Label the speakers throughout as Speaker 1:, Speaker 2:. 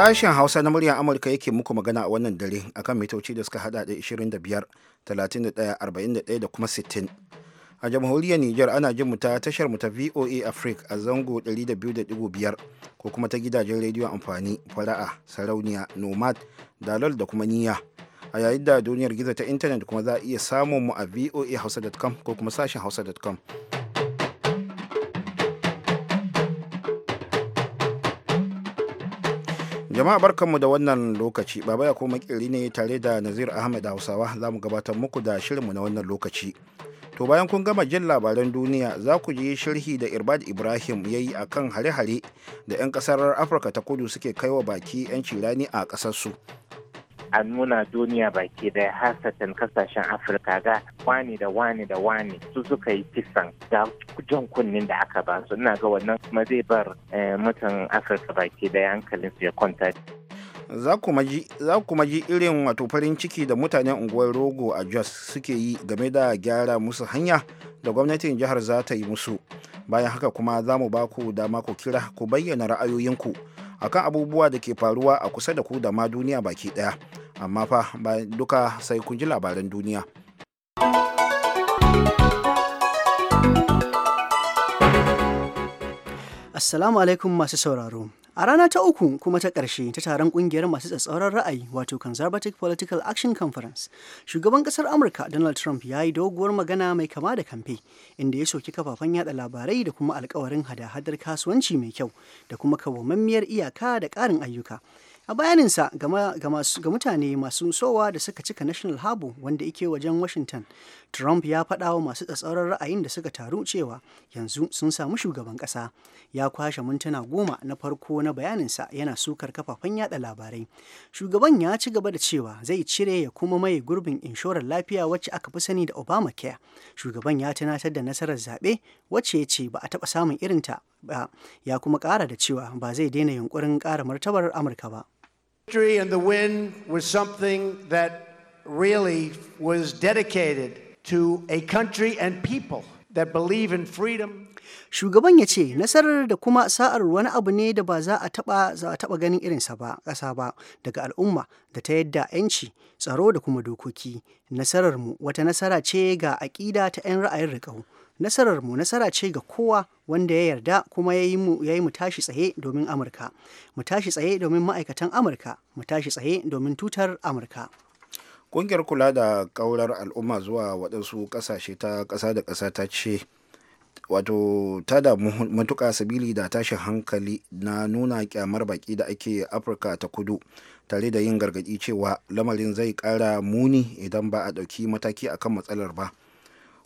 Speaker 1: Sashen Hausa na muryar Amurka yake muku magana a wannan dare akan mitoci da suka hada da 25, 31, 41 da kuma 60. A jamhuriyar Nijar ana jin mu ta tashar mu ta VOA Africa a zango 200.5 ko kuma ta gidajen rediyon amfani, fara'a, sarauniya, nomad, dalol da kuma niyya. a yayin da duniyar gizo ta intanet kuma za a iya samun mu a voahausa.com ko kuma sashen hausa.com jama'a barkanmu da wannan lokaci baba ya kuma makiri ne tare da nazir ahmed hausawa za mu gabatar muku da shirinmu na wannan lokaci to bayan kun gama jin labaran duniya za ku ji sharhi da irbad ibrahim ya yi a kan hare-hare da 'yan
Speaker 2: kasar afirka ta kudu suke kai wa baki 'yan cirani a kasarsu. a nuna duniya baki daya hasashen kasashen afirka ga wani da wani da wani su suka yi kisan ga jan kunnin da aka ba su ina ga wannan kuma zai bar eh, mutan afirka baki daya hankalin su ya kwanta
Speaker 1: za kuma ji irin wato farin ciki da mutanen unguwar rogo a jos suke yi game da gyara musu hanya da gwamnatin jihar za ta yi musu bayan haka kuma za mu ba ku dama ku kira ku bayyana ra'ayoyinku akan abubuwa da ke faruwa a kusa da ku da ma duniya baki daya amma fa bayan duka sai kun ji labaran duniya.
Speaker 3: Assalamu alaikum masu sauraro. A rana ta uku kuma ta ƙarshe ta taron ƙungiyar masu tsatsauran ra'ayi wato Conservative Political Action Conference, shugaban ƙasar Amurka Donald Trump ya yi doguwar magana mai kama da kamfe inda ya soki kafafen yada labarai da kuma alkawarin hada-hadar kasuwanci mai kyau da kuma kawo iyaka da ƙarin ayyuka. a bayaninsa ga mutane masu sowa da suka cika national harbor wanda ike wajen washington trump ya faɗa wa masu tsatsauran ra'ayin da suka taru cewa yanzu sun samu shugaban ƙasa ya kwashe mintuna goma na farko na bayaninsa yana sukar kafafen yada labarai shugaban ya ci gaba da cewa zai cire ya kuma mai gurbin inshorar lafiya wacce aka fi sani da obama obamacare shugaban ya tunatar da nasarar zaɓe wacce ya ce ba a taba samun irinta ba ya kuma ƙara da cewa ba zai daina yunkurin ƙara martabar amurka ba victory and the win was something that really was dedicated to a country and people that believe in freedom. Shugaban ya ce nasarar da kuma sa'ar wani abu ne da ba za a taba za a taba ganin irinsa ba ƙasa ba daga al'umma da ta yadda 'yanci tsaro da kuma dokoki nasarar mu wata nasara ce ga aƙida ta 'yan ra'ayin riƙau nasarar mu nasara ce ga kowa wanda ya yarda kuma ya yi mu tashi tsaye domin amurka mu tashi tsaye domin ma'aikatan amurka mu tashi tsaye domin tutar amurka
Speaker 1: ƙungiyar kula da ƙaurar al'umma zuwa waɗansu ƙasashe ta ƙasa da ƙasa ta ce wato ta da matuƙa sabili da tashin hankali na nuna kyamar baki da ake afirka ta kudu tare da yin gargaɗi cewa lamarin zai ƙara muni idan ba a ɗauki mataki akan matsalar ba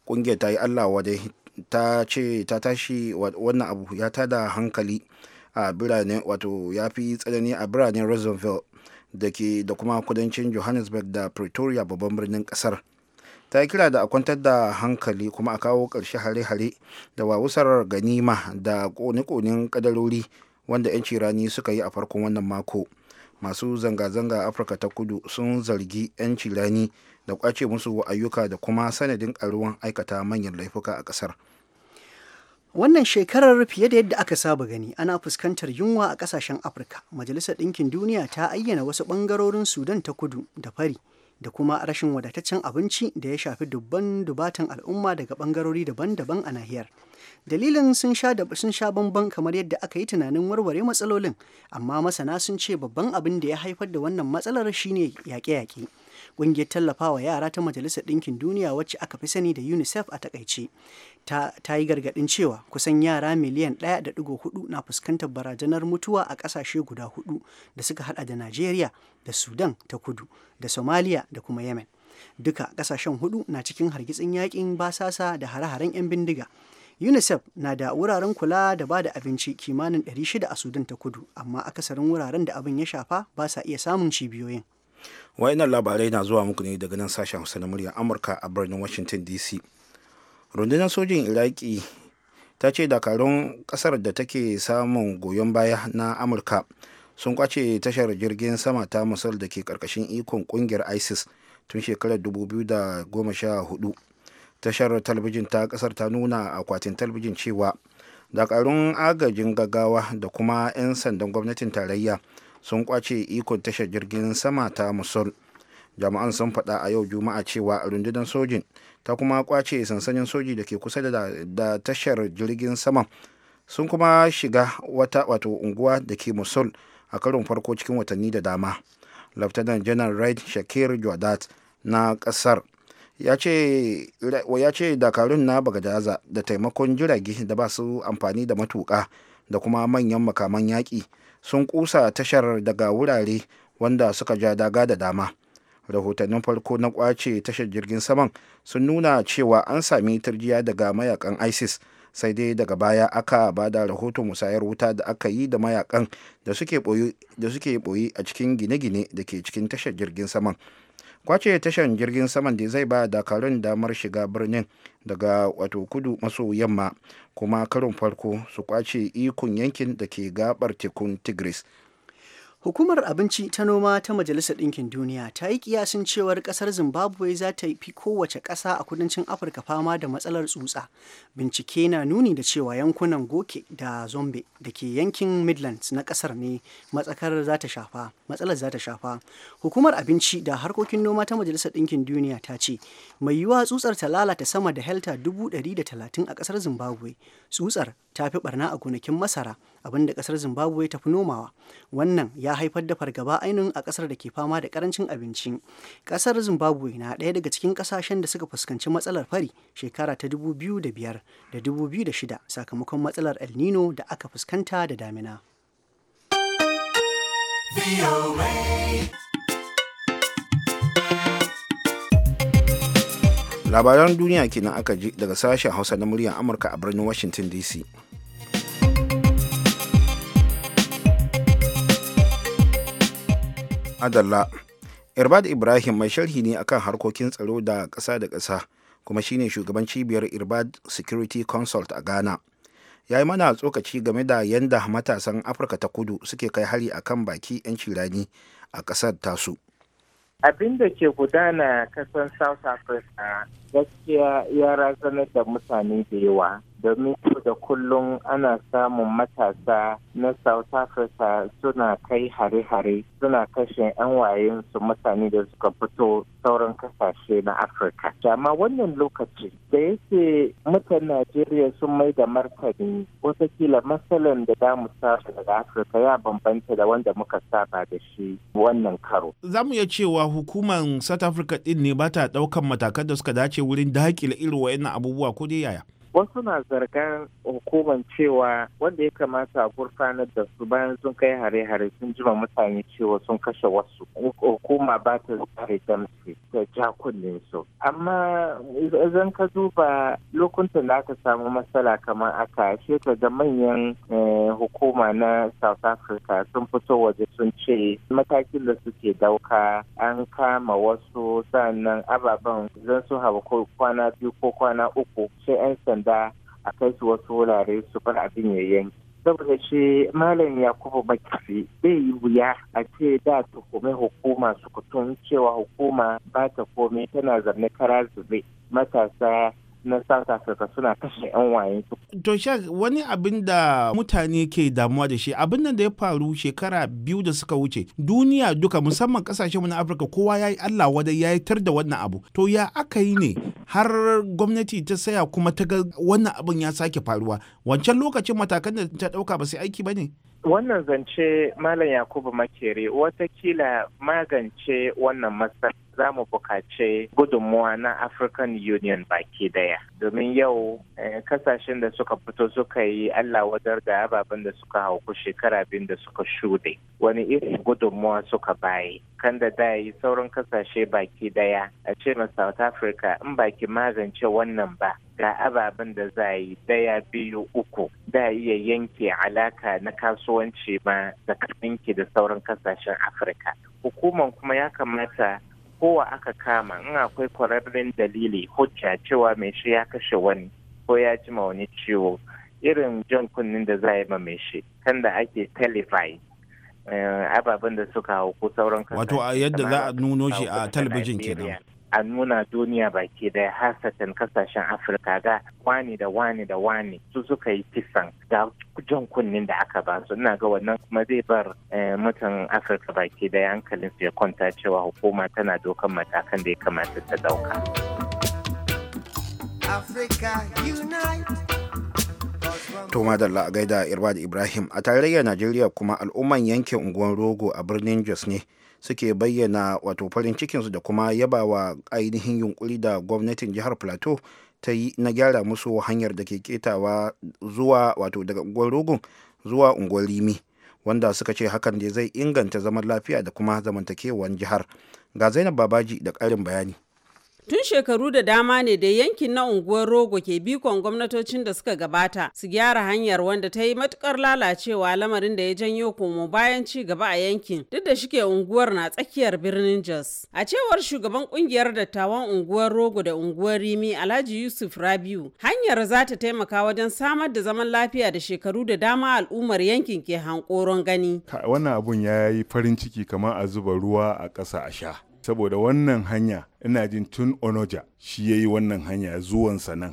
Speaker 1: ƙungiyar ta yi allah wadai ta ce ta tashi wannan abu ya tada hankali a birane wato ya fi tsanani a biranen roosevelt da ke da kuma kudancin johannesburg da pretoria babban birnin kasar ta yi kira da a kwantar da hankali kuma a kawo ƙarshe hare-hare da wawusar ganima da ƙone-ƙonen ƙadarori wanda 'yan rani suka yi a farkon wannan mako masu zanga-zanga afirka ta kudu sun zargi 'yan rani da kwace musu ayyuka da kuma sanadin karuwan aikata manyan laifuka a
Speaker 3: kasar wannan shekarar fiye da yadda aka saba gani ana fuskantar yunwa a kasashen afirka majalisar ɗinkin duniya ta ayyana wasu ɓangarorin sudan ta kudu da fari da kuma rashin wadataccen abinci da ya shafi dubban dubatan al'umma daga ɓangarori daban-daban a nahiyar dalilin sun sha da sun sha bamban kamar yadda aka yi tunanin warware matsalolin amma masana sun ce babban abin da ya haifar da wannan matsalar shine yaƙe-yaƙe ƙungiyar tallafawa yara ta majalisar ɗinkin duniya wacce aka fi sani da unicef a takaice ta, yi gargaɗin cewa kusan yara miliyan 1.4 na fuskantar barazanar mutuwa a ƙasashe guda hudu da suka hada da najeriya da sudan ta kudu da somalia da kuma yemen duka ƙasashen hudu na cikin hargitsin yakin basasa da hare-haren 'yan bindiga unicef na da wuraren kula da ba da abinci kimanin 600 a sudan ta kudu amma akasarin wuraren da abin ya shafa ba sa iya samun cibiyoyin
Speaker 1: nan labarai na zuwa muku ne daga nan sashen hausa na murya amurka a birnin washington dc rundunar sojin iraki ta ce dakarun kasar da take samun goyon baya na amurka sun kwace tashar jirgin sama ta musul da ke karkashin ikon kungiyar isis tun shekarar 2014 tashar talabijin ta kasar ta nuna akwatin talabijin cewa dakarun agajin gaggawa da kuma 'yan sandan gwamnatin tarayya sun kwace ikon tashar jirgin sama ta musul jami'an sun faɗa a yau juma'a cewa rundunar sojin ta kuma kwace sansanin soji da ke kusa da tashar jirgin sama sun kuma shiga wata wato unguwa da ke musul a karin farko cikin watanni da dama lieutenant janar raid shakir jordat na kasar ya ce dakarun na bagadaza da taimakon jirage da ba su amfani da matuka da kuma manyan makaman yaƙi sun kusa tashar daga wurare wanda suka ja daga da dama rahotannin farko na kwace tashar jirgin saman sun nuna cewa an sami turjiya daga mayakan isis sai dai daga baya aka ba da rahoton musayar wuta da aka yi da mayakan da suke boye a cikin gine-gine da ke cikin tashar jirgin saman kwace tashan jirgin saman da zai ba dakarun damar shiga birnin daga wato kudu maso yamma kuma karin farko su kwace ikon yankin da ke gabar tekun tigris
Speaker 3: Hukumar Abinci ta Noma ta Majalisar Ɗinkin Duniya ta yi kiyasin cewar ƙasar Zimbabwe za ta fi kowace ƙasa a kudancin Afirka fama da matsalar tsutsa. Bincike na nuni da cewa yankunan Goke da Zombe da ke yankin Midlands na ƙasar ne matsakar za ta shafa. Matsalar za ta shafa. Hukumar Abinci da Harkokin Noma ta Majalisar Ɗinkin Duniya ta ce mai yiwuwa tsutsar ta lalata sama da helta dubu ɗari da talatin a ƙasar Zimbabwe. Tsutsar ta fi barna a gonakin masara abinda kasar zimbabwe ta fi nomawa wannan ya haifar da fargaba ainihin a kasar da ke fama da karancin abinci kasar zimbabwe na ɗaya daga cikin kasashen da suka fuskanci matsalar fari shekara ta 2005 da 2006 sakamakon matsalar el da aka fuskanta da damina.
Speaker 1: labaran duniya kenan aka ji daga sashen hausa na muryar amurka a birnin washington dc adalla irbad ibrahim mai sharhi ne akan harkokin tsaro da ƙasa da ƙasa kuma shine shugaban cibiyar irbad security consult a ghana ya yi mana tsokaci game da yadda matasan afirka ta kudu suke kai hari akan baki 'yanci rani a ƙasar tasu.
Speaker 2: abin da ke gudana kasan south africa gaskiya ya razanar da mutane da yawa domin yau da kullum ana samun matasa na south africa suna kai hare-hare suna kashe 'yan wayen su mutane da suka fito sauran kasashe na afirka amma wannan lokaci da yake mutan najeriya sun mai da martani watakila matsalan da za mu samu daga afirka ya bambanta da wanda muka saba da shi wannan karo
Speaker 1: za mu iya cewa hukumar south africa din ne ba ta daukan matakan da suka dace wurin dakile irin wayannan abubuwa ko dai yaya
Speaker 2: wasu na zargan hukuman cewa wanda ya kamata a gurfanar da su bayan sun kai hare-hare sun jima mutane cewa sun kashe wasu hukuma ba ta tsare damsi ta ja kunne su amma zan ka duba lokutan da aka samu matsala kamar aka she ka ga manyan eh, hukuma na south africa sun fito waje sun ce matakin da suke dauka an kama wasu sannan ababen zan su hau kwana biyu ko kwana uku sai 'yan sanda sanda a kai su wasu wurare su bar abin ya yanki saboda shi malam yakubu makisi bai yi wuya a ce da tuhume hukuma su kutun cewa hukuma ba ta komai tana zarne kara zube matasa na South Africa suna kashe 'yan waye su.
Speaker 1: To wani abin da mutane ke damuwa da shi abin nan da ya faru shekara biyu da suka wuce duniya duka musamman kasashen mu na Afirka kowa ya yi Allah wadai ya yi tar da wannan abu. To ya aka yi ne har gwamnati ta saya kuma ta ga wannan abin ya sake faruwa wancan lokacin matakan da ta ɗauka ba sai aiki ba ne?
Speaker 2: Wannan zance Malam Yakubu Makere watakila magance wannan matsala za mu bukaci gudunmuwa na African Union baki daya. Domin yau eh, kasashen da suka fito suka yi Allah wadar da ababen da suka hauku shekara biyun da suka shuɗe. Wani irin gudunmuwa suka baye. Kan da da yi sauran kasashe baki daya a ce ma South Africa in baki magance wannan ba. Ga ababen da za yi daya biyu uku da iya yanke alaka na kasuwanci ma da da sauran kasashen Afirka. Hukuman kuma ya kamata kowa aka kama in akwai kwararren dalili hujja cewa mai shi ya kashe wani ko ya jima wani ciwo irin jan kunnen da za a yi ma mai shi kan da ake telefai eh, ababen da suka hau ko sauran kasa wato yadda za
Speaker 1: a nuno shi a talabijin kenan
Speaker 2: a nuna duniya baki daya hasashen kasashen afirka ga wani da wani da wani su suka yi kisan ga jan kunnin da aka ba su ina ga wannan kuma zai bar eh, mutan afirka baki da hankalin su ya kwanta cewa hukuma tana dokan matakan da ya kamata ta dauka
Speaker 1: To madalla a gaida da Ibrahim a tarayyar Najeriya kuma al'umman yankin unguwar Rogo a birnin Jos ne suke bayyana wato farin cikinsu da kuma yaba wa ainihin yunkuri da gwamnatin jihar plateau ta yi na gyara musu hanyar da ke ketawa zuwa wato daga unguwar rogon zuwa unguwar rimi wanda suka ce hakan de zai inganta zaman lafiya da kuma zamantakewan jihar ga zainab babaji da ƙarin bayani
Speaker 4: Tun shekaru da dama ne da yankin na unguwar Rogo ke bikon gwamnatocin da suka gabata su gyara hanyar wanda ta yi matukar lalacewa lamarin da ya janyo komo bayan ci gaba a yankin duk da shike unguwar na tsakiyar birnin Jos. A cewar shugaban kungiyar dattawan unguwar Rogo da unguwar Rimi Alhaji Yusuf Rabiu, hanyar za ta taimaka wajen samar da zaman lafiya da shekaru da dama al'ummar yankin ke hankoron gani.
Speaker 5: Wannan abun ya yi farin ciki kamar a zuba ruwa a ƙasa a sha. saboda wannan hanya ina jin tun onoja shi ya yi wannan hanya zuwansa nan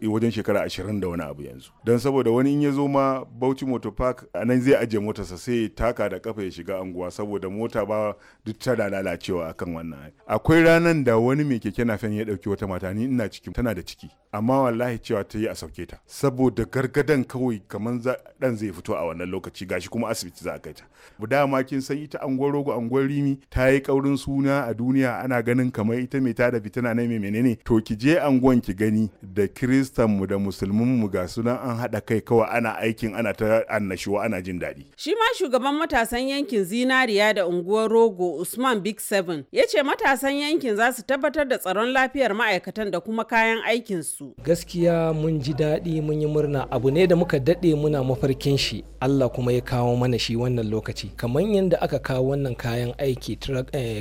Speaker 5: Eh, wajen shekara ashirin da wani abu yanzu don saboda wani in ya zo ma bauchi motor park a nan zai ajiye motarsa sai taka da kafa ya shiga anguwa saboda mota ba duk tana lalacewa akan wannan akwai ranan da wani mai keke nafen ya dauki wata mata ni ina ciki tana da ciki amma wallahi cewa ta yi a sauke ta saboda gargadan kawai kaman dan zai fito a wannan lokaci gashi kuma asibiti za a kai ta dama kin san ita anguwar rogo anguwar rimi ta yi kaurin suna a duniya ana ganin kamar ita mai tada fitina ne mai menene to ki je anguwan ki gani da kiristanmu da mu ga sunan an haɗa kai kawai ana aikin ana ta annashuwa ana jin daɗi.
Speaker 4: Shi ma shugaban matasan yankin zinariya da unguwar Rogo Usman Big Seven ya ce matasan yankin za su tabbatar da tsaron lafiyar ma'aikatan da kuma kayan aikinsu.
Speaker 6: Gaskiya mun ji daɗi mun yi murna abu ne da muka daɗe muna mafarkin shi Allah kuma ya kawo mana shi wannan lokaci. Kamar yadda aka kawo wannan kayan aiki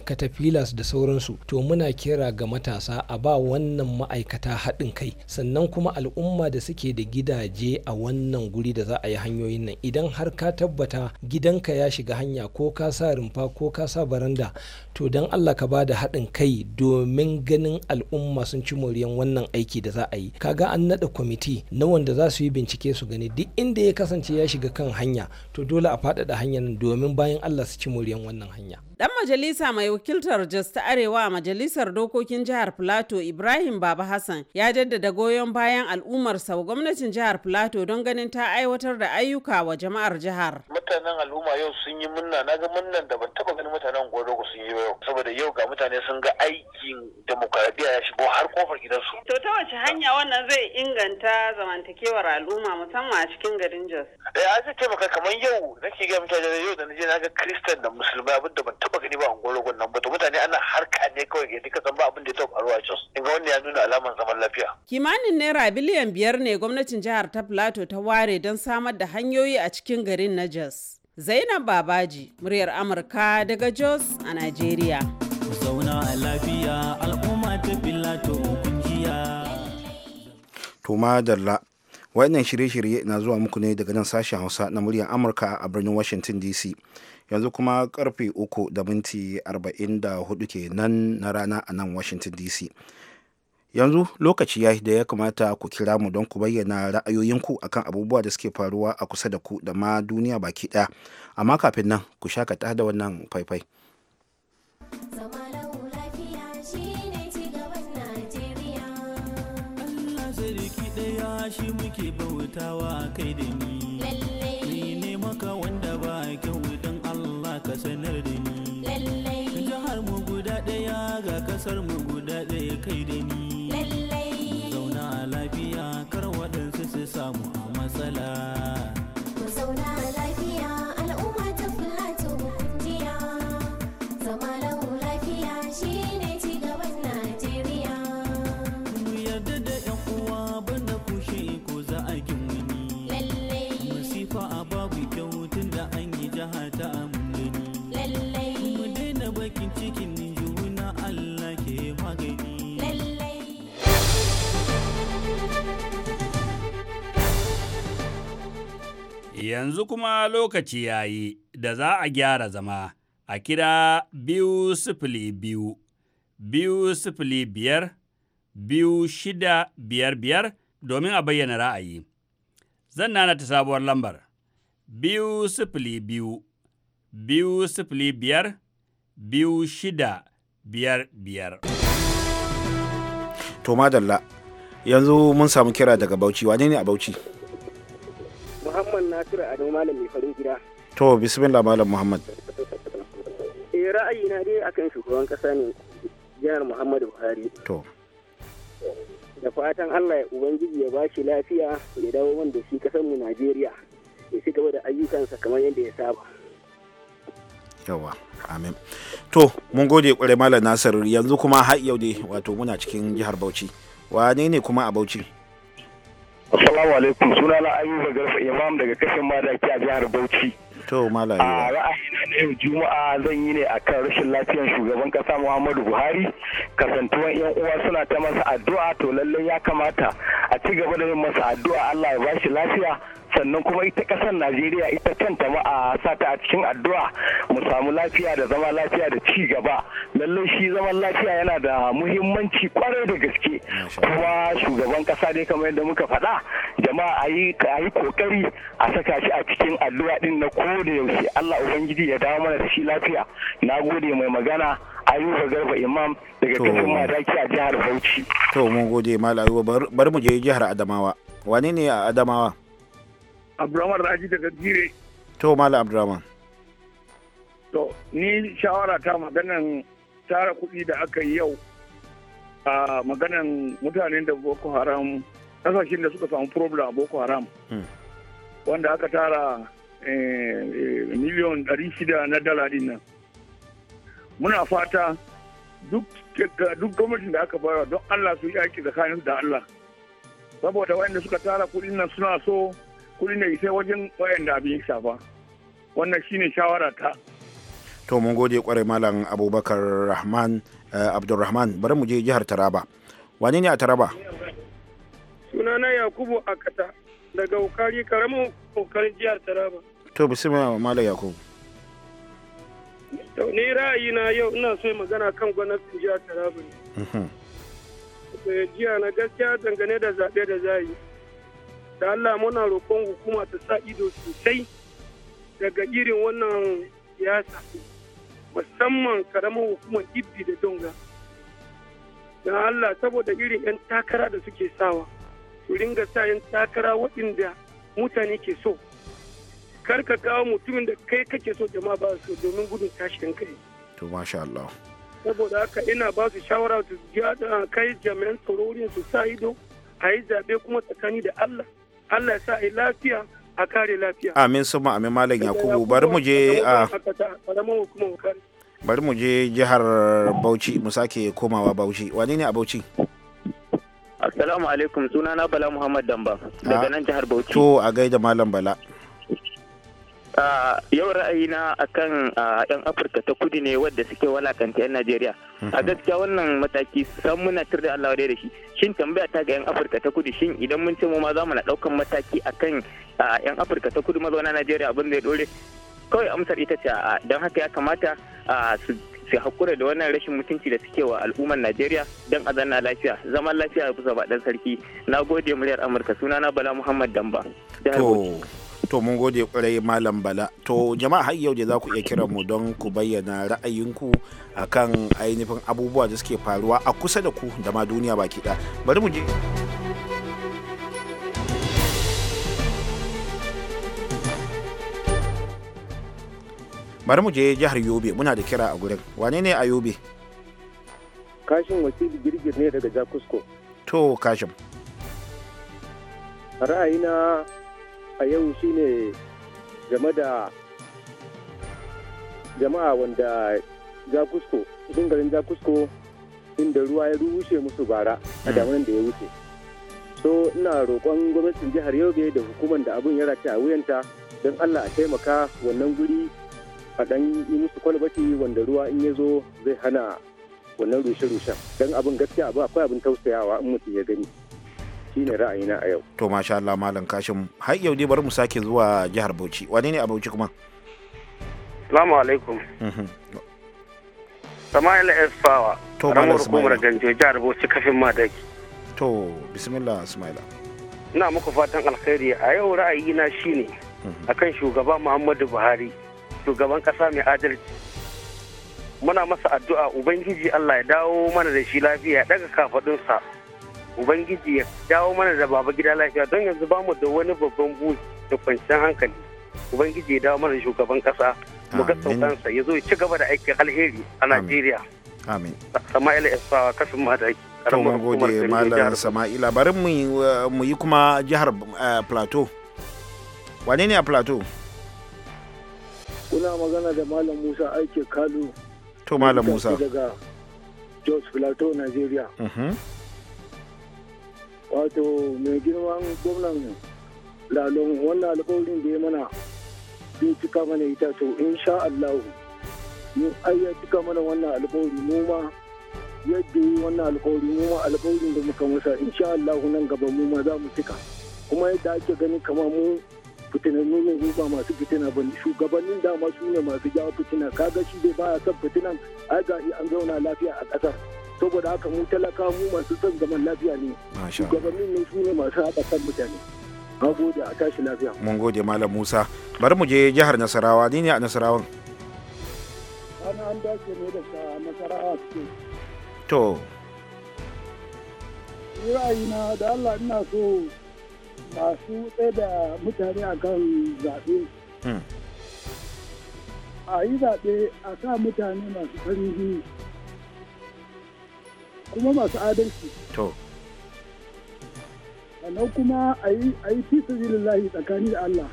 Speaker 6: katafilas eh, da sauransu to muna kira ga matasa a ba wannan ma'aikata haɗin kai. kai sannan kuma al'umma da suke da gidaje a wannan guri da za a yi hanyoyin nan idan har ka tabbata gidanka ya shiga hanya ko ka sa rumfa ko ka sa baranda to don allah ka bada haɗin kai domin ganin al'umma sun ci moriyan wannan aiki da za a yi kaga an naɗa kwamiti na wanda za su yi bincike su gani duk inda ya kasance ya shiga kan hanya to dole a faɗaɗa hanyar domin bayan allah su ci moriyan wannan hanya
Speaker 4: dan majalisa mai wakiltar jos ta arewa a majalisar dokokin jihar plateau ibrahim baba hassan ya da goyon bayan al'ummarsa wa gwamnatin jihar Plateau don ganin ta aiwatar da ayyuka wa jama'ar jihar.
Speaker 6: Mutanen al'umma yau sun yi munna na ga munnan da ban taba ganin mutanen Gorogo sun yi yau saboda yau ga mutane sun ga aikin demokradiya ya shigo har kofar gidansu.
Speaker 4: To ta wace hanya wannan zai inganta zamantakewar al'umma musamman a cikin garin Jos? Eh an ce taimaka kamar yau nake ga mutane yau da na je na ga Kristan da Musulmai abin da ban taba gani ba a Gorogo nan ba to mutane ana ne kawai yadda duka san ba abin da ya taɓa faruwa a In ga wannan ya nuna alamar zaman lafiya. Kimanin naira biliyan biyar ne gwamnatin jihar ta Plateau ta ware don samar da hanyoyi a cikin garin na Jos. Zainab Babaji, muryar Amurka daga Jos a Najeriya.
Speaker 1: Tuma wannan shirye-shirye na zuwa muku ne daga nan sashen hausa na muryar amurka a birnin washington dc yanzu kuma karfe 3 da minti 44 kenan na rana a nan washington dc yanzu lokaci ya da ya kamata ku kira mu don ku bayyana ra'ayoyinku akan abubuwa da suke faruwa a kusa da ku da ma duniya baki ɗaya amma kafin nan ku shakata da wannan faifai.
Speaker 2: shi muke bautawa kai da ni ni ne maka wanda
Speaker 6: ba kyau don Allah ka sanar da ni jihar mu guda ɗaya ga kasar mu guda ɗaya kai da ni yanzu kuma lokaci ya yi da za a gyara zama a kira biyu sifili biyu, biyu sifili biyar, biyu shida biyar biyar domin a bayyana ra'ayi. Zan nana ta sabuwar lambar, biyu sifili biyu, biyu sifili biyar, biyu shida biyar
Speaker 1: biyar. To madalla, yanzu mun samu kira daga Bauchi, wane ne a Bauchi?
Speaker 6: Nasiru Adamu Malam mai farin gida.
Speaker 1: To bismillah Malam Muhammad.
Speaker 6: Eh ra'ayina dai akan shugaban kasa ne Janar Muhammadu Buhari. To. Da fatan Allah ya Ubangiji ya ba shi lafiya ya dawo wanda shi kasar mu Najeriya ya ci gaba da ayyukansa kamar yadda ya saba.
Speaker 1: yawa amin to mun gode kware malam nasir yanzu kuma har yau dai wato muna cikin jihar bauchi wane ne kuma a bauchi
Speaker 6: Assalamu alaikum suna na ayyuka Garfa Imam daga kashin Madaki a jihar Bauchi. To A Ra'ayina na yau Juma'a zan yi ne akan rashin lafiyar shugaban kasa Muhammadu Buhari kasantuwan yan uwa suna ta masa addu'a to lallai ya kamata a ci gaba da yin masa addu'a Allah ya bashi lafiya sannan kuma ita kasar najeriya ita kanta ma a sata a cikin addu'a mu samu lafiya da zama lafiya da ci gaba lallai shi zaman lafiya yana da muhimmanci kwarai da gaske kuma shugaban kasa dai kamar yadda muka faɗa jama'a a yi kokari a saka shi a cikin addu'a din na ko yaushe allah ubangiji ya dawo mana da shi lafiya na gode mai magana ayuba garba imam daga cikin madaki a jihar bauchi
Speaker 1: to mun gode malam ayuba bari mu je jihar adamawa wane ne a adamawa
Speaker 6: Abdurrahman Raji daga Jire.
Speaker 1: To mala Abdurrahman.
Speaker 6: To ni shawara ta maganan tara kuɗi da aka yi yau a maganan mutanen da Boko Haram kasashen da suka samu problem a Boko Haram. Hmm. Wanda aka tara eh, miliyon ɗari shida na dala din nan. Muna fata duk gwamnatin da aka bayar don Allah su yi aiki tsakaninsu da Allah. Saboda wayanda suka tara kuɗin nan suna so kuɗi ne sai wajen wayanda abin shafa wannan shine shawara ta
Speaker 1: to mun gode kwarai malam abubakar rahman eh, abdulrahman bari mu je jihar taraba wani ne a taraba
Speaker 6: sunana yakubu akata daga ukari karamu kokarin jihar taraba
Speaker 1: to bisimila malam yakubu
Speaker 6: to ni ra'ayi na yau ina so magana kan gwamnatin jihar taraba ne mhm. eh, jiya na gaskiya dangane da zaɓe da zayi. da Allah muna roƙon hukuma ta sa ido sosai daga irin wannan siyasa musamman karamar hukumar ibbi da donga da Allah saboda irin 'yan takara da suke sawa su ringa sa 'yan takara waɗanda mutane ke so kar ka kawo mutumin da kai kake so jama'a ba su domin gudun tashin kai
Speaker 1: to masha Allah
Speaker 6: saboda haka ina ba su shawara su kai jami'an tsaro su sa ido a yi zaɓe kuma tsakani da Allah Allah ya sa a lafiya a kare lafiya
Speaker 1: amin suma amin malam yakubu bari mu je a ah, bari mu je jihar bauchi mu sake komawa bauchi wani ne a bauchi
Speaker 2: assalamu alaikum sunana bala muhammad damba
Speaker 1: daga ah. nan jihar bauchi to a gaida malam bala
Speaker 2: yau ra'ayina akan yan afirka ta kudu ne wadda suke walakanta yan najeriya a mhm. gaskiya wannan mataki san muna da allah da shi shin tambaya ta ga yan afirka ta kudu shin idan mun ce mu ma za mu na daukan mataki akan yan afirka ta kudu mazauna najeriya abin da ya dore kawai amsar ita ce don haka ya kamata su su hakura da wannan rashin mutunci da suke wa al'ummar Najeriya don a zanna lafiya zaman lafiya ya kusa ba sarki na gode muryar Amurka suna na Bala Muhammad Damba. To
Speaker 1: to mun gode kwarai malam bala to jama'a har yau da za ku iya kiran mu don ku bayyana ra'ayinku akan ainihin abubuwa da suke faruwa a kusa da ku da ma duniya baki da bari mu je bari mu je jihar yobe muna da kira a gurin wane ne a yobe
Speaker 6: kashin wasili girgir ne daga jakusko
Speaker 1: to kashin
Speaker 6: ra'ayina a yau shine game da jama'a wanda jakusko cikin garin kusko inda ruwa ya rushe musu bara a hmm. damunan da ya wuce so ina roƙon gwamnatin jihar yobe da hukumar da abin ya race a wuyanta don allah a taimaka wannan guri a dan yi musu kwalbati wanda ruwa in ya zo zai hana wannan rushe-rushen don abin gaskiya abu akwai abin tausayawa in mutum ya gani shine ra'ayina a yau
Speaker 1: to masha Allah malam kashin har yau dai bari mu sake zuwa jihar Bauchi wane ne a Bauchi kuma
Speaker 6: Assalamu alaikum mhm. Sama'il Esfawa
Speaker 1: to malam hukumar
Speaker 6: Ganjo jihar Bauchi kafin madaki
Speaker 1: to bismillah Ismaila
Speaker 6: ina muku fatan alkhairi a yau ra'ayina shine mhm. akan shugaba Muhammadu Buhari shugaban kasa mai adalci muna masa addu'a ubangiji Allah ya dawo mana da shi lafiya daga kafadunsa ubangiji ya dawo mana da baba gida lafiya don yanzu ba mu da wani babban buri da kwanciyar hankali ubangiji ya dawo mana shugaban kasa mu ga saukansa ya zo ya ci gaba da aiki alheri a najeriya amin sama'ila isfawa kasin madaki to mun gode malam
Speaker 1: sama'ila bari mu yi kuma jihar eh, plateau wane ne a plateau
Speaker 6: kuna magana da malam musa aike kalu
Speaker 1: to malam musa
Speaker 6: daga jos plateau nigeria mhm. wato mai girman gwamnan lalon wannan alkawarin da ya mana zai cika mana ita to insha Allah mu ai ya cika mana wannan alkawari mu ma yadda yi wannan alkawari mu ma alkawarin da muka masa insha Allah nan gaba mu ma za mu cika kuma yadda ake gani kamar mu fitinannu ne mu ba masu fitina ba shugabannin dama su ne masu jawo fitina kaga shi dai ya son fitinan ai ga an zauna lafiya a ƙasar saboda haka mu talaka mu masu son zaman lafiya ne shugabannin ne su ne masu haɗa kan mutane na gode a tashi lafiya
Speaker 1: mun gode malam musa bari mu je jihar nasarawa ni ne a nasarawan
Speaker 6: ana an dace ne da nasarawa suke
Speaker 1: to
Speaker 3: ra'ayina da allah ina so
Speaker 6: masu tsaye da mutane akan zaɓe hmm. a yi zaɓe a sa mutane masu farin kuma masu adalci to sannan kuma a yi fi sabilillahi tsakani da Allah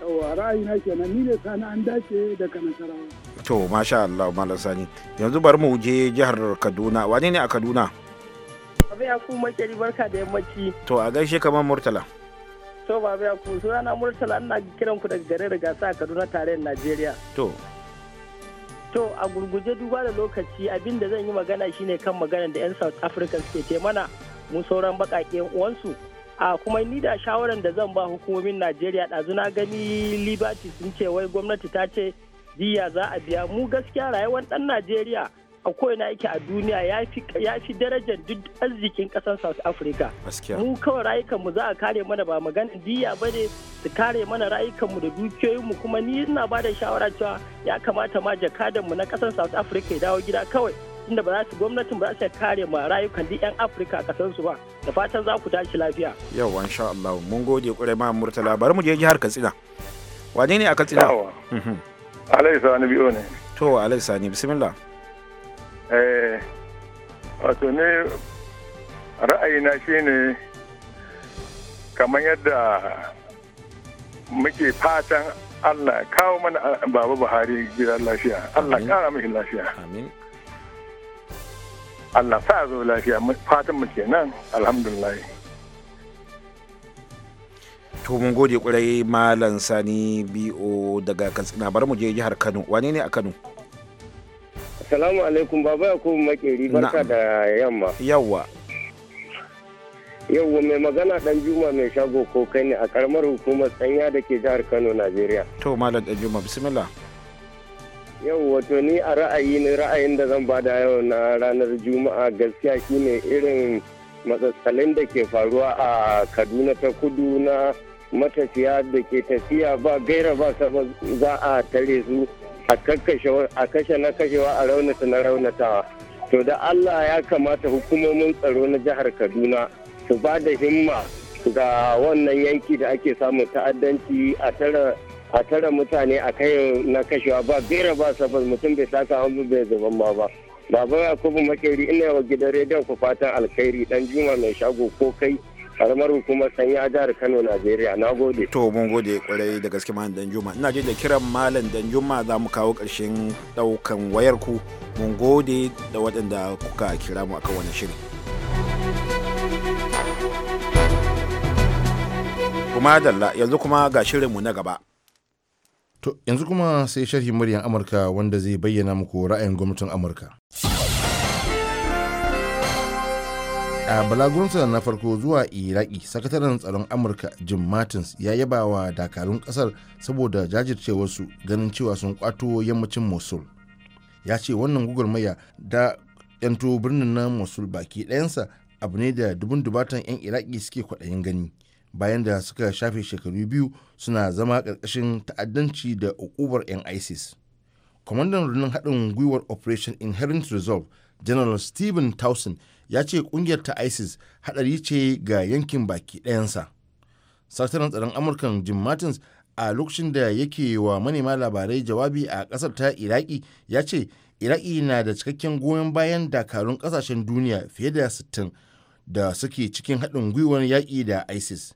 Speaker 6: yawa ra'ayina kenan ni ne sani an dace daga nasarawa
Speaker 1: to masha Allah malam sani yanzu bari mu je jihar Kaduna wane ne a Kaduna
Speaker 6: Baba ya ku makeri barka da yammaci
Speaker 1: to a gaishe kamar Murtala
Speaker 6: to baba ya ku sunana Murtala ina kiran ku daga garin Rigasa a Kaduna tarayyar Najeriya to To a gurguje duba da lokaci abin da zan yi magana shine kan magana da 'yan South Africa suke ce mana mu sauran baƙaƙen uwansu. A kuma ni da shawaran da zan ba hukumomin Najeriya ɗazu na gani Liberty sun ce wai gwamnati ta ce jiya za a biya mu gaskiya rayuwar ɗan Najeriya. a ko'ina yake a duniya ya fi darajar duk arzikin kasar south africa mu kawai rayukanmu za a kare mana ba magana diya ba ne su kare mana rayukanmu da dukiyoyinmu kuma ni ina ba da shawara cewa ya kamata ma jakadanmu na kasar south africa ya dawo gida kawai inda ba za su gwamnatin ba za su kare ma rayukan duk 'yan afirka a su ba da fatan za ku tashi lafiya
Speaker 1: yawa insha Allah mun gode kwarai ma murtala bari mu je jihar katsina wane ne a katsina mhm.
Speaker 6: alai sani biyo ne
Speaker 1: to alai ne bismillah
Speaker 6: Eh, wato ne ra'ayina shine kamar yadda muke fatan Allah kawo mana ah, baba Buhari gidan lafiya Allah kara mishi lafiya Allah sa zo lafiya fatan mu kenan alhamdulillah
Speaker 1: to mun gode kurai malam sani bo daga katsina bar mu je jihar kano wane ne a kano
Speaker 6: Assalamu alaikum baba ya kuma makeri barka da yamma. Yawwa. Yawwa mai magana dan Juma mai shago ko kai ne a karamar hukumar sanya da ke jihar Kano
Speaker 1: Najeriya. To malam dan Juma bismillah.
Speaker 6: Yau wato ni a ra'ayi ne ra'ayin da zan bada yau na ranar Juma'a gaskiya shine irin matsatsalin da ke faruwa a Kaduna ta kudu na matafiya da ke tafiya ba gaira ba za a tare su. a kashe na kashewa a raunata na raunatawa to da allah ya kamata hukumomin tsaro na jihar kaduna su ba da himma ga wannan yanki da ake samun ta'addanci a tara a tara mutane a kai na kashewa ba bera ba sabon mutum bai saka hannu bai zaban ma ba baba yakubu makeri ina wa gidan rediyon ku fatan alkhairi dan juma mai shago ko kai karamar hukumar sanya a jihar kano najeriya na gode to mun gode
Speaker 1: kwarai da gaske malam danjuma ina ji da kiran malam danjuma za mu kawo ƙarshen ɗaukan wayar ku mun gode da waɗanda kuka kira mu akan wannan shirin kuma dalla yanzu kuma ga shirinmu na gaba
Speaker 5: to yanzu kuma sai sharhi muryan amurka wanda zai bayyana muku ra'ayin gwamnatin amurka a balagunsa na farko zuwa iraki sakataren tsaron amurka jim martins ya yaba wa dakarun kasar saboda jajircewarsu ganin cewa sun kwato yammacin mosul ya ce wannan gugurmaya da 'yanto birnin na mosul baki ɗayansa abu ne da dubun dubatan 'yan iraki suke kwaɗayin gani bayan da suka shafe shekaru biyu suna zama ƙarƙashin ta'addanci da ukubar 'yan isis kwamandan rundunar haɗin gwiwar operation inherent resolve general stephen towson ya ce kungiyar ta isis hadari ce ga yankin baki ɗayansa sakataren tsaron amurkan jim martins a lokacin da yake wa manema labarai jawabi a ƙasar ta iraki ya ce iraki na da cikakken goyon bayan dakarun ƙasashen duniya fiye da 60 da suke cikin haɗin gwiwar yaƙi da isis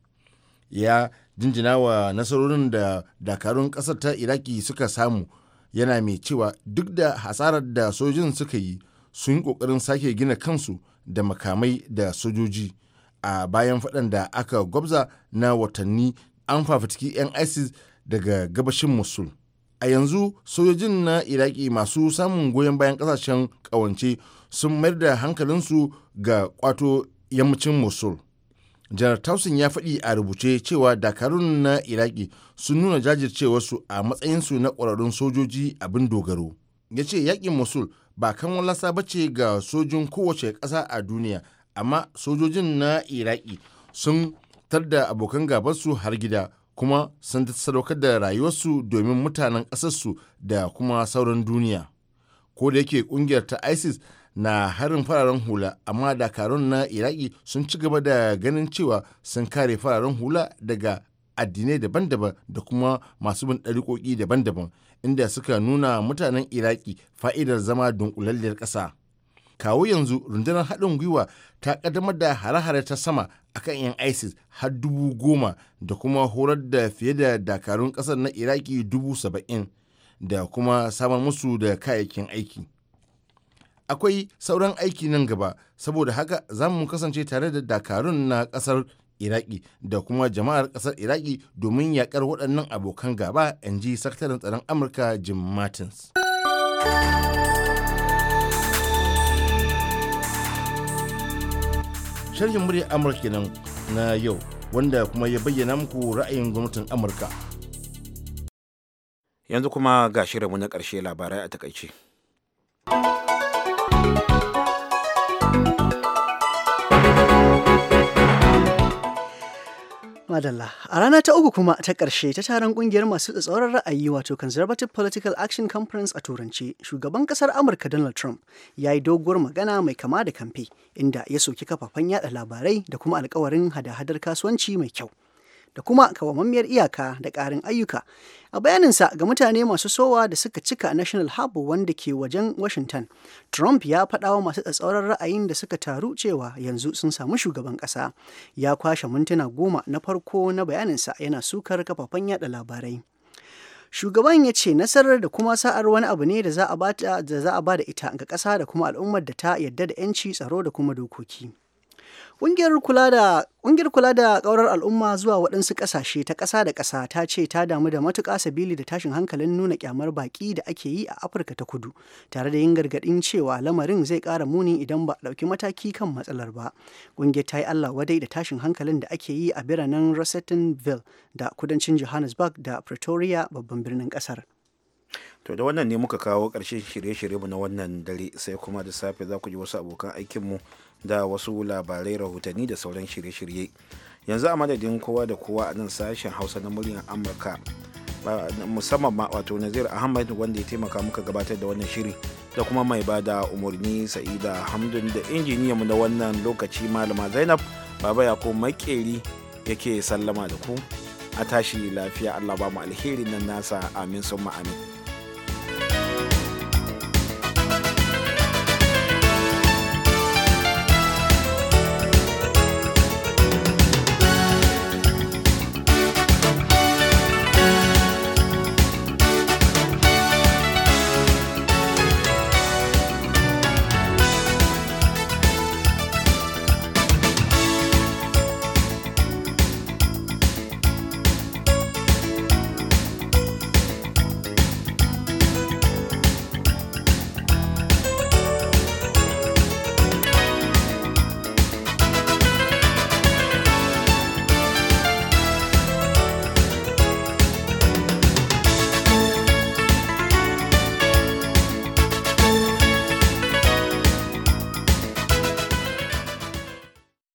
Speaker 5: ya jinjina wa nasarorin da dakarun ƙasar ta iraki suka samu yana mai cewa duk da hasarar da sojin suka yi sun yi ƙoƙarin sake gina kansu da makamai da sojoji a bayan faɗan da aka gwabza na watanni an fafatiki 'yan isis daga gabashin musul a yanzu sojojin na iraki masu samun goyon bayan ƙasashen ƙawance sun mayar da hankalinsu ga kwato yammacin musul janar tausin ya faɗi a rubuce cewa dakarun na iraki sun nuna jajircewarsu a matsayinsu na ƙwararrun sojoji abin dogaro ya ce yaƙin musul ba kan lasa ba ce ga sojin kowace ƙasa a duniya amma sojojin na iraki sun tar da abokan gabarsu har gida kuma sun sadaukar da rayuwarsu domin mutanen ƙasarsu da kuma sauran duniya ko da yake ƙungiyar ta isis na harin fararen hula amma dakarun na iraki sun ci gaba da ganin cewa sun kare fararen hula daga addinai daban-daban da kuma masu bin ɗariƙoƙi daban-daban inda suka nuna mutanen iraki fa'idar zama dunkulalliyar ƙasa kawo yanzu rundunar haɗin gwiwa ta ƙaddamar da hare-hare ta sama akan 'yan isis har dubu goma da kuma horar da fiye da dakarun ƙasar na iraki dubu saba'in da kuma samar musu da kayayyakin aiki akwai sauran aiki nan gaba saboda haka za mu kasance tare da dakarun na ƙasar iraki da kuma jama'ar kasar iraki domin yakar waɗannan abokan gaba in ji sakataren tsaron amurka jim martins sharhin murya amurka nan na yau wanda kuma ya bayyana muku ra'ayin gwamnatin amurka
Speaker 1: yanzu kuma ga shirinmu na ƙarshe labarai a takaice.
Speaker 3: Madalla. A rana ta uku kuma ta ƙarshe ta taron ƙungiyar masu tsatsauran ra'ayi wato Conservative Political Action Conference a Turance, shugaban ƙasar Amurka Donald Trump ya yi doguwar magana mai kama da kamfe inda ya soki kafafen yada labarai da kuma alkawarin hada-hadar kasuwanci mai kyau. da kuma kawamammiyar iyaka da ƙarin ayyuka. A bayaninsa ga mutane masu sowa da suka cika National Hub wanda ke wajen Washington, Trump ya faɗa wa masu tsatsauran ra'ayin da suka taru cewa yanzu sun samu shugaban ƙasa. Ya kwashe mintuna goma na farko na bayaninsa yana sukar kafafen yaɗa labarai. shugaban ya ce nasarar da kuma sa'ar wani abu ne da za a ba da ita ga ƙasa da kuma al'ummar da ta yadda da 'yanci tsaro da kuma dokoki. Ƙungiyar kula da ƙaurar al'umma zuwa waɗansu ƙasashe ta ƙasa da ƙasa ta ce ta damu da matuƙa sabili da tashin hankalin nuna ƙyamar baƙi da ake yi a Afirka ta kudu, tare da yin gargaɗin cewa lamarin zai ƙara muni idan ba a ɗauki mataki kan matsalar ba. Ƙungiyar ta yi Allah wadai da tashin hankalin da ake yi a biranen Rosettenville da kudancin Johannesburg da Pretoria babban birnin ƙasar.
Speaker 1: to da wannan ne muka kawo ƙarshen shirye-shiryenmu na wannan dare sai kuma da safe za ku ji wasu abokan aikinmu da wasu labarai rahotanni da sauran shirye-shirye yanzu a madadin kowa da kowa a nan sashen hausa na muryar amurka musamman ma wato nazir ahmad wanda ya taimaka muka gabatar da wannan shiri da kuma mai ba da umarni sa'ida hamdun da injiniyanmu na wannan lokaci malama zainab baba ya yako makeri yake sallama da ku a tashi lafiya allah ba mu alheri nan nasa amin sun amin